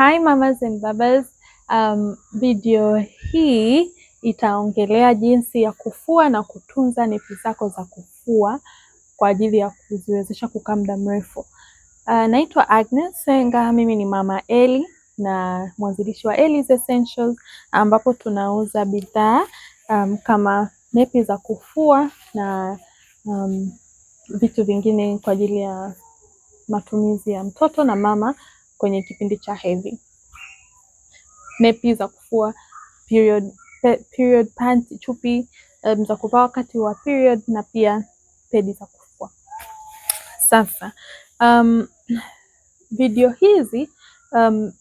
Hi mamas and babas. Um, video hii itaongelea jinsi ya kufua na kutunza nepi zako za kufua kwa ajili ya kuziwezesha kukaa muda mrefu. Uh, naitwa Agnes Senga, mimi ni mama Eli na mwanzilishi wa Eli's Essentials ambapo tunauza bidhaa um, kama nepi za kufua na um, vitu vingine kwa ajili ya matumizi ya mtoto na mama kwenye kipindi cha hedhi. Nepi za kufua period, period pants, chupi um, za kuvaa wakati wa period na pia pedi za kufua. Sasa um, video hizi um,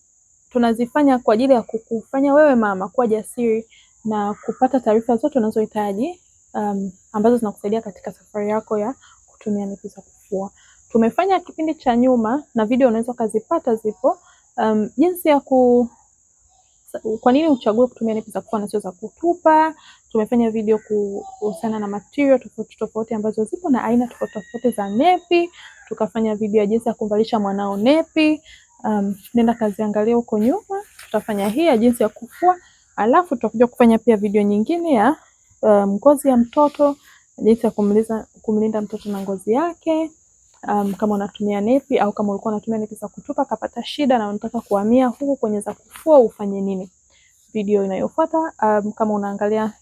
tunazifanya kwa ajili ya kukufanya wewe mama kuwa jasiri na kupata taarifa zote unazohitaji um, ambazo zinakusaidia katika safari yako ya kutumia nepi za kufua. Tumefanya kipindi cha nyuma na video unaweza ukazipata zipo, um, jinsi ya ku kwa nini uchague kutumia nepi za kufua na sio za kutupa. Tumefanya video kuhusiana na material tofauti tofauti ambazo zipo na aina tofauti tofauti za nepi. Tukafanya video ya jinsi ya kumvalisha mwanao nepi. Um, nenda kaziangalia huko nyuma. Tutafanya hii ya jinsi ya kufua, alafu tutakuja kufanya pia video nyingine ya um, ngozi ya mtoto, jinsi ya kumliza, kumlinda mtoto na ngozi yake um, kama unatumia nepi au kama ulikuwa unatumia nepi za kutupa kapata shida na unataka kuhamia huku kwenye za kufua ufanye nini? Video inayofuata um, kama unaangalia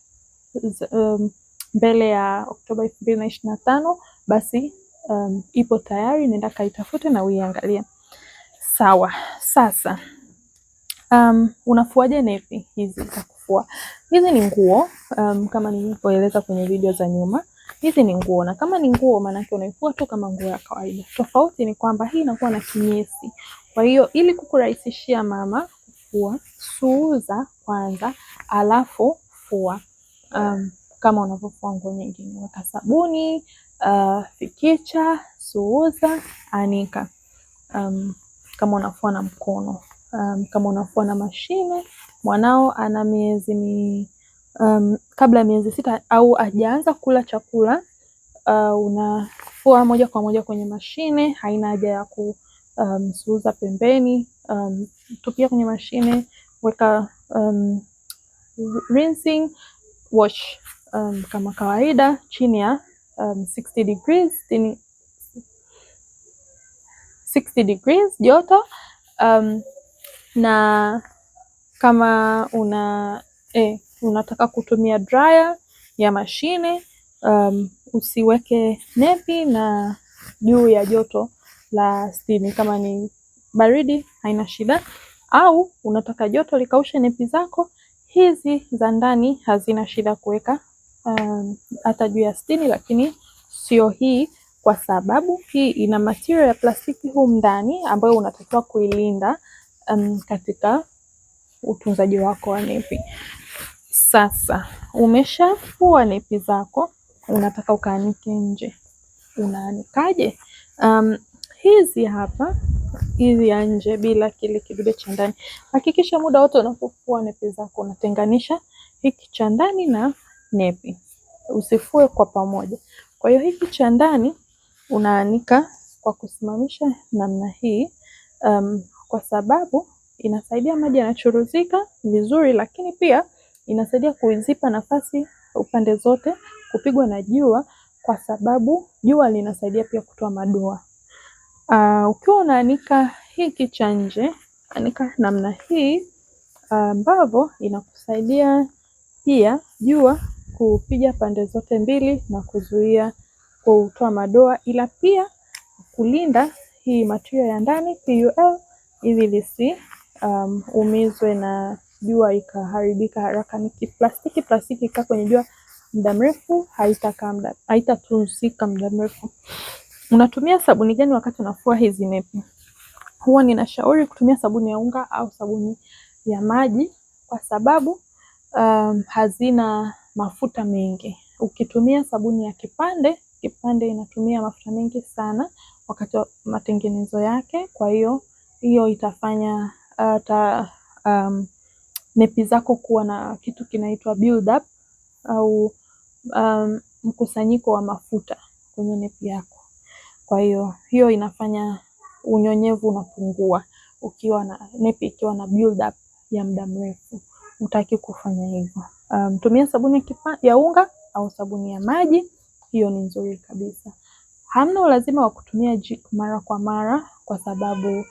um, mbele ya Oktoba 2025 basi um, ipo tayari, nenda kaitafute na uiangalie. Sawa, sasa um, unafuaje nepi hizi za kufua? Hizi ni nguo um, kama nilivyoeleza kwenye video za nyuma Hizi ni nguo na kama ni nguo maana yake unaifua tu kama nguo ya kawaida. Tofauti ni kwamba hii inakuwa na kinyesi. Kwa hiyo ili kukurahisishia mama kufua, suuza kwanza alafu fua. Um, kama unavyofua nguo nyingine, weka sabuni, uh, fikicha, suuza, anika. Um, kama unafua na mkono. Um, kama unafua na mashine, mwanao ana miezi um, kabla ya miezi sita au hajaanza kula chakula uh, unafua moja kwa moja kwenye mashine, haina haja ya kumsuuza um, pembeni um, tupia kwenye mashine, weka um, rinsing wash um, kama kawaida chini ya um, 60 degrees 60 degrees joto um, na kama una eh, unataka kutumia dryer ya mashine um, usiweke nepi na juu ya joto la stini Kama ni baridi haina shida, au unataka joto likaushe nepi zako, hizi za ndani hazina shida kuweka um, hata um, juu ya stini lakini sio hii, kwa sababu hii ina material ya plastiki humu ndani ambayo unatakiwa kuilinda um, katika utunzaji wako wa nepi. Sasa umeshafua nepi zako, unataka ukaanike nje. Unaanikaje? Um, hizi hapa hizi ya nje bila kile kidude cha ndani. Hakikisha muda wote unapofua nepi zako unatenganisha hiki cha ndani na nepi, usifue kwa pamoja. Kwa hiyo hiki cha ndani unaanika kwa kusimamisha namna hii, um, kwa sababu inasaidia maji yanachuruzika vizuri, lakini pia Inasaidia kuzipa nafasi upande zote kupigwa na jua, kwa sababu jua linasaidia pia kutoa madoa. Uh, ukiwa unaanika hiki cha nje, anika namna hii ah, ambavyo uh, inakusaidia pia jua kupiga pande zote mbili na kuzuia kutoa madoa, ila pia kulinda hii material ya ndani PUL ili lisiumizwe ah, um, na jua ikaharibika haraka. Ni plastiki, plastiki ikaa kwenye jua muda mrefu haitakaa, haitatunzika muda mrefu. Unatumia sabuni gani wakati unafua hizi nepi? Huwa ninashauri kutumia sabuni ya unga au sabuni ya maji kwa sababu um, hazina mafuta mengi. Ukitumia sabuni ya kipande, kipande inatumia mafuta mengi sana wakati wa matengenezo yake, kwa hiyo hiyo itafanya uh, ta, um, nepi zako kuwa na kitu kinaitwa build up au um, mkusanyiko wa mafuta kwenye nepi yako. Kwa hiyo hiyo inafanya unyonyevu unapungua ukiwa na nepi ikiwa na build up ya muda mrefu, utaki kufanya hivyo. Um, tumia sabuni kipa, ya unga au sabuni ya maji, hiyo ni nzuri kabisa. Hamna ulazima wa kutumia jik mara kwa mara kwa sababu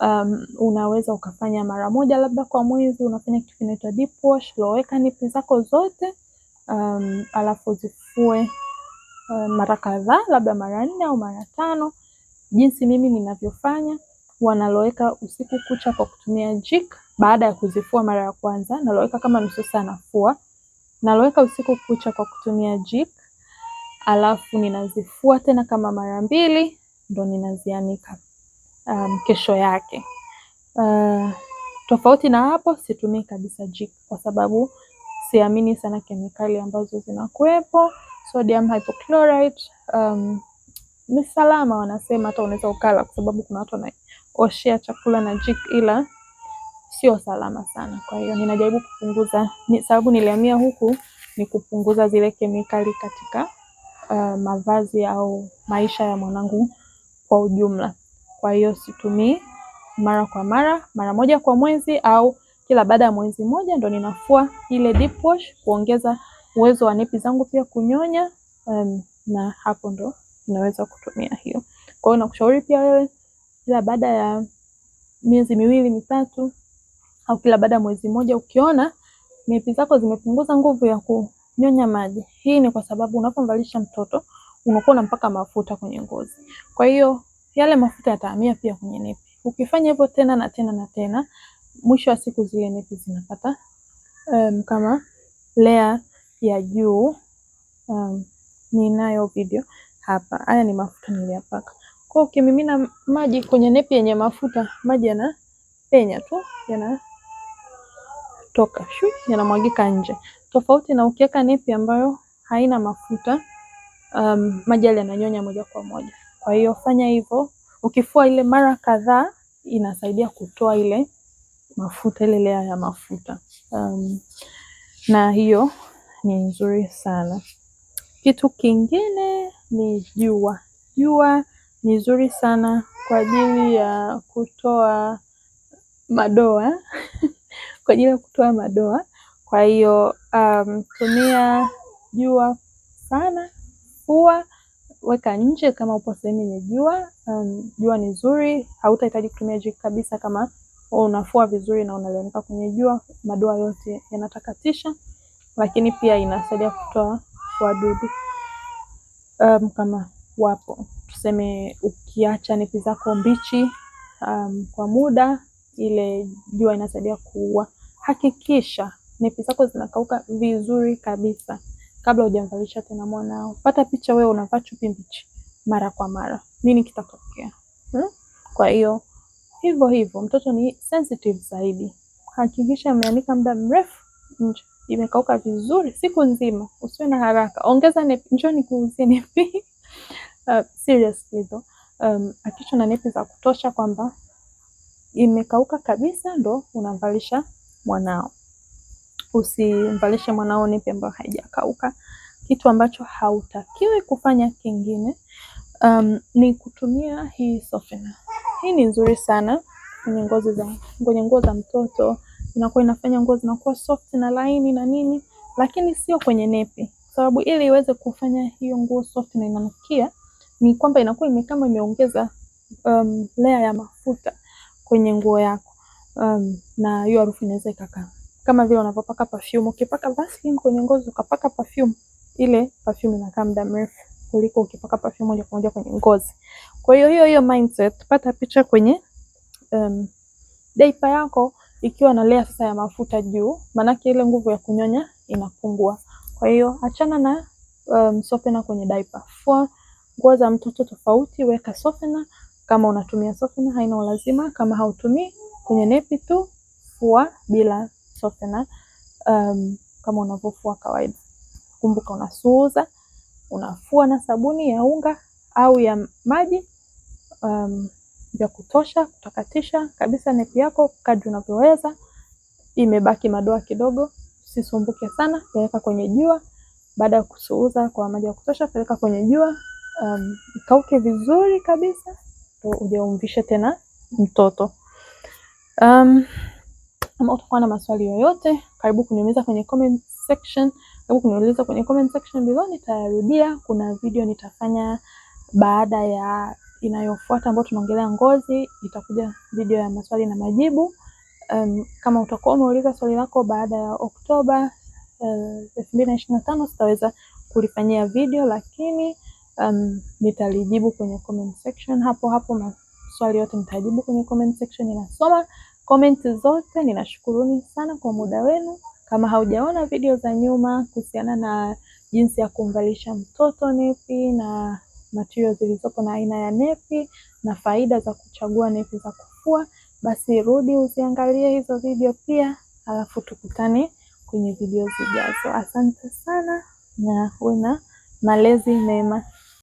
um, unaweza ukafanya mara moja labda kwa mwezi, unafanya kitu kinaitwa deep wash. Loweka nipi zako zote um, alafu zifue um, mara kadhaa, labda mara nne au mara tano. Jinsi mimi ninavyofanya, wanaloweka usiku kucha kwa kutumia jik. Baada ya kuzifua mara ya kwanza, naloweka kama nusu saa, nafua naloweka usiku kucha kwa kutumia jik, alafu ninazifua tena kama mara mbili, ndo ninazianika um, kesho yake. Uh, tofauti na hapo situmii kabisa jik kwa sababu siamini sana kemikali ambazo zinakuwepo sodium hypochlorite. Um, ni salama wanasema, hata unaweza ukala, kwa sababu kuna watu wanaoshea chakula na jik, ila sio salama sana. Kwa hiyo ninajaribu kupunguza, sababu nilihamia huku ni kupunguza zile kemikali katika uh, mavazi au maisha ya mwanangu kwa ujumla. Kwa hiyo situmii mara kwa mara, mara moja kwa mwezi au kila baada ya mwezi mmoja ndo ninafua ile deep wash kuongeza uwezo wa nepi zangu pia kunyonya. Um, na hapo ndo naweza kutumia hiyo. Kwa hiyo nakushauri pia wewe kila baada ya miezi miwili mitatu au kila baada ya mwezi mmoja ukiona nepi zako zimepunguza nguvu ya kunyonya maji. Hii ni kwa sababu unapomvalisha mtoto unakuwa unampaka mafuta kwenye ngozi. Kwa hiyo yale mafuta yatahamia pia kwenye nepi. Ukifanya hivyo tena na tena na tena, mwisho wa siku zile nepi zinapata um, kama layer ya juu um, ninayo video hapa. Haya ni mafuta niliyapaka. Kwa ukimimina maji kwenye nepi yenye mafuta, maji yanapenya tu, yanatoka shu, yanamwagika nje, tofauti na ukiweka nepi ambayo haina mafuta um, maji yale yananyonya moja kwa moja. Kwa hiyo fanya hivyo, ukifua ile mara kadhaa inasaidia kutoa ile mafuta, ile lea ya mafuta um, na hiyo ni nzuri sana. Kitu kingine ni jua. Jua ni nzuri sana kwa ajili ya kutoa madoa kwa ajili ya kutoa madoa. Kwa hiyo um, tumia jua sana, fua weka nje kama upo sehemu yenye jua. Um, jua ni zuri, hautahitaji kutumia jiki kabisa kama unafua vizuri na unalianika kwenye jua, madoa yote yanatakatisha, lakini pia inasaidia kutoa wadudu um, kama wapo. Tuseme ukiacha nepi zako mbichi um, kwa muda, ile jua inasaidia kuua. Hakikisha nepi zako zinakauka vizuri kabisa kabla hujamvalisha tena mwanao. Pata picha wewe unavaa chupi mbichi mara kwa mara, nini kitatokea? Hmm? Kwa hiyo hivyo hivyo, mtoto ni sensitive zaidi. Hakikisha ameanika muda mrefu nje, imekauka vizuri siku nzima, usiwe na haraka. Ongeza nepi, njoo nikuuzie nepi uh, seriously though um, na nepi za kutosha, kwamba imekauka kabisa, ndo unamvalisha mwanao usimvalishe mwanao nepi ambayo haijakauka. Kitu ambacho hautakiwi kufanya kingine um, ni kutumia hii softener. Hii ni nzuri sana kwenye ngozi za kwenye nguo za mtoto, inakuwa inafanya nguo zinakuwa soft na laini na nini, lakini sio kwenye nepi, sababu ili iweze kufanya hiyo nguo soft na inanukia ni kwamba inakuwa kama imeongeza um, layer ya mafuta kwenye nguo yako um, na hiyo harufu inaweza ikakaa kama vile unapopaka perfume. Ukipaka Vaseline kwenye ngozi ukapaka perfume, ile perfume inakaa muda mrefu kuliko ukipaka perfume moja kwa moja kwenye ngozi. Kwa hiyo hiyo hiyo mindset, pata picha kwenye um, diaper yako ikiwa na layer sasa ya mafuta juu, maanake ile nguvu ya kunyonya inapungua. Kwa hiyo achana na um, softener kwenye diaper. Fua nguo za mtoto tofauti, weka softener. Kama unatumia softener haina ulazima, kama hautumii kwenye nepi tu fua bila na um, kama unavyofua kawaida. Kumbuka unasuuza, unafua na sabuni ya unga au ya maji um, ya kutosha kutakatisha kabisa nepi yako kadri unavyoweza. Imebaki madoa kidogo, usisumbuke sana, peleka kwenye jua. Baada ya kusuuza kwa maji ya kutosha, peleka kwenye jua um, ikauke vizuri kabisa, ujaumvishe tena mtoto um, kama utakuwa na maswali yoyote, karibu kuniuliza kwenye comment section, karibu kuniuliza kwenye comment section below. Nitarudia, kuna video nitafanya baada ya inayofuata ambayo tunaongelea ngozi, itakuja video ya maswali na majibu. Um, kama utakuwa umeuliza swali lako baada ya Oktoba uh, elfu mbili na ishirini na tano sitaweza kulifanyia video, lakini um, nitalijibu kwenye comment section hapo hapo. Maswali yote nitajibu kwenye comment section, inasoma komenti zote. Ninashukuruni sana kwa muda wenu. Kama haujaona video za nyuma kuhusiana na jinsi ya kumvalisha mtoto nepi na matirio zilizopo na aina ya nepi na faida za kuchagua nepi za kufua, basi rudi uziangalie hizo video pia, alafu tukutane kwenye video zijazo. Asante sana na uwe na malezi mema.